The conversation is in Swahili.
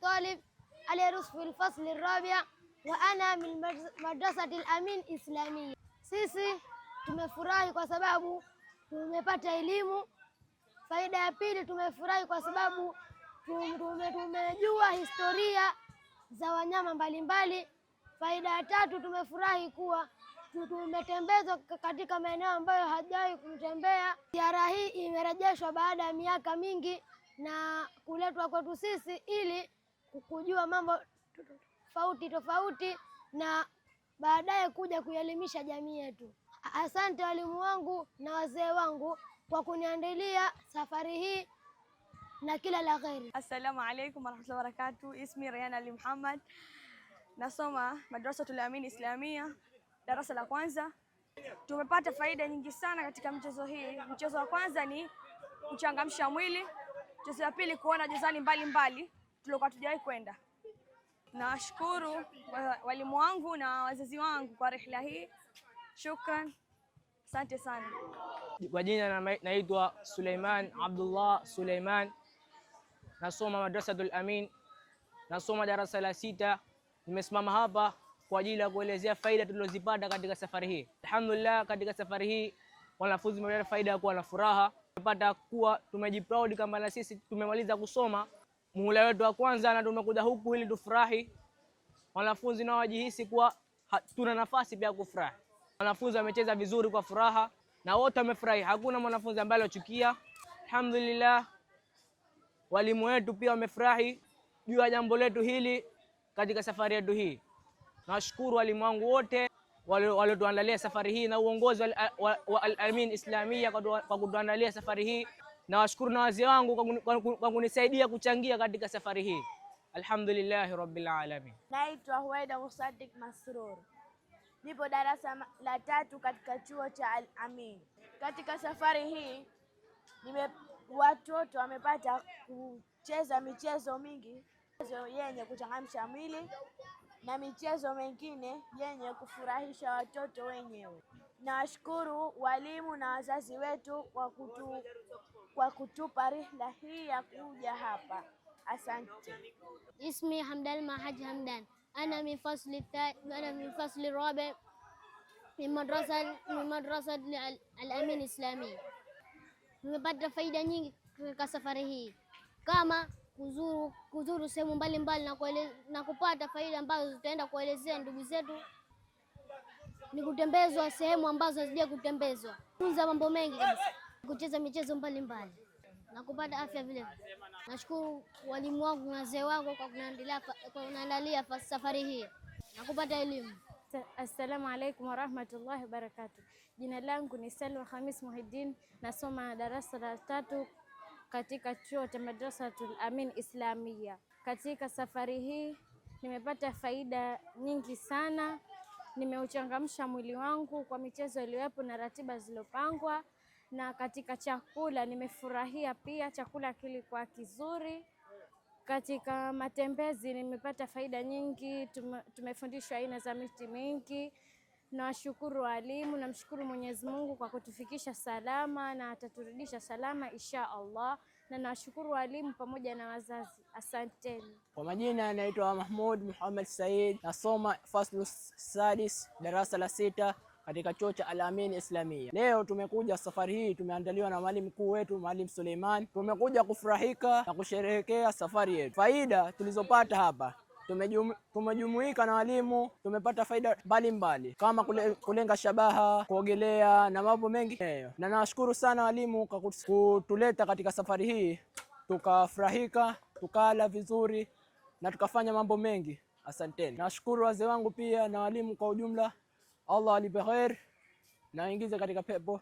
Talib aliyerus fil fasli rabia wa ana min madrasati al-Amin Islamia. Sisi tumefurahi kwa sababu tumepata elimu. Faida ya pili, tumefurahi kwa sababu tumejua tume, historia za wanyama mbalimbali. Faida ya tatu, tumefurahi kuwa tumetembezwa katika maeneo ambayo hajawahi kutembea. Ziara hii imerejeshwa baada ya miaka mingi na kuletwa kwetu sisi ili kujua mambo tofauti tofauti na baadaye kuja kuielimisha jamii yetu. Asante walimu wangu na wazee wangu kwa kuniandalia safari hii na kila la kheri. Assalamu alaikum warahmatullahi wabarakatuh. Ismi Rayhan Ali Muhammad, nasoma Madrasa Amin Islamia darasa la kwanza. Tumepata faida nyingi sana katika mchezo hii. Mchezo wa kwanza ni kuchangamsha mwili, mchezo wa pili kuona jezani mbalimbali mbali tulikuwa tujawahi kwenda. Nawashukuru walimu wangu na wazazi wangu kwa rehla hii, shukran, asante sana. Kwa jina naitwa Suleiman Abdullah Suleiman, nasoma Madrasatul Amin, nasoma darasa la sita. Nimesimama hapa kwa ajili ya kuelezea faida tulizozipata katika safari hii. Alhamdulillah, katika safari hii wanafunzi wamepata faida ya kuwa na furaha, tumepata kuwa tumejiproud kama na sisi tumemaliza kusoma muhula wetu wa kwanza na tumekuja huku ili tufurahi, wanafunzi nao wajihisi kuwa tuna nafasi pia kufurahi. Wanafunzi wamecheza vizuri kwa furaha na wote wamefurahi, hakuna mwanafunzi ambaye alochukia. Alhamdulillah, walimu wetu pia wamefurahi juu ya jambo letu hili katika safari yetu hii. Nashukuru walimu wangu wote waliotuandalia safari hii na uongozi wa Al-Amin Islamia kwa kutuandalia safari hii. Nawashukuru na wazee wangu kwa kunisaidia kuchangia katika safari hii. Alhamdulillahi rabbil alamin. Naitwa Huwaida Musadik Masrur, nipo darasa la tatu katika chuo cha Al Amin. Katika safari hii nime watoto wamepata kucheza michezo mingi, michezo yenye kuchangamsha mwili na michezo mengine yenye kufurahisha watoto wenyewe. Nawashukuru walimu na wazazi wetu kwa kutu kwa kutupa rihla hii ya kuja hapa. Asante. Ismi Hamdan Mahaji Hamdan, ana min fasli ana min fasli rabi min madrasa min madrasa Al-Amin Islami. Nimepata faida nyingi katika safari hii kama kuzuru, kuzuru sehemu mbalimbali na, na kupata faida ambazo zitaenda kuelezea ndugu zetu. Ni kutembezwa sehemu ambazo hazija kutembezwa, mambo mengi kabisa kucheza michezo mbalimbali na kupata afya vile. Nashukuru walimu wangu na wazee wangu kwa kuniandalia safari hii na kupata elimu. Assalamu alaikum warahmatullahi wabarakatu Jina langu ni Salwa Hamis Muhiddin, nasoma darasa la tatu katika chuo cha Madrasatul Amin Islamia. Katika safari hii nimepata faida nyingi sana, nimeuchangamsha mwili wangu kwa michezo iliyopo na ratiba zilizopangwa na katika chakula nimefurahia pia, chakula kilikuwa kizuri. Katika matembezi nimepata faida nyingi, tumefundishwa aina za miti mingi. Nawashukuru walimu, namshukuru Mwenyezi Mungu kwa kutufikisha salama na ataturudisha salama insha Allah, na nawashukuru walimu pamoja na wazazi, asanteni. Kwa majina naitwa Mahmud Muhammad Said, nasoma faslu sadis darasa la sita katika chuo cha Alamin Islamia. Leo tumekuja safari hii tumeandaliwa na mwalimu mkuu wetu Mwalimu Suleiman. Tumekuja kufurahika na kusherehekea safari yetu. Faida tulizopata hapa tumejumuika na walimu, tumepata faida mbalimbali kama kule, kulenga shabaha, kuogelea na mambo mengi heyo, na nawashukuru sana walimu kwa kutuleta katika safari hii, tukafurahika, tukala vizuri na tukafanya mambo mengi. Asanteni, nashukuru wazee wangu pia na walimu kwa ujumla. Allah alibeheri na aingize katika pepo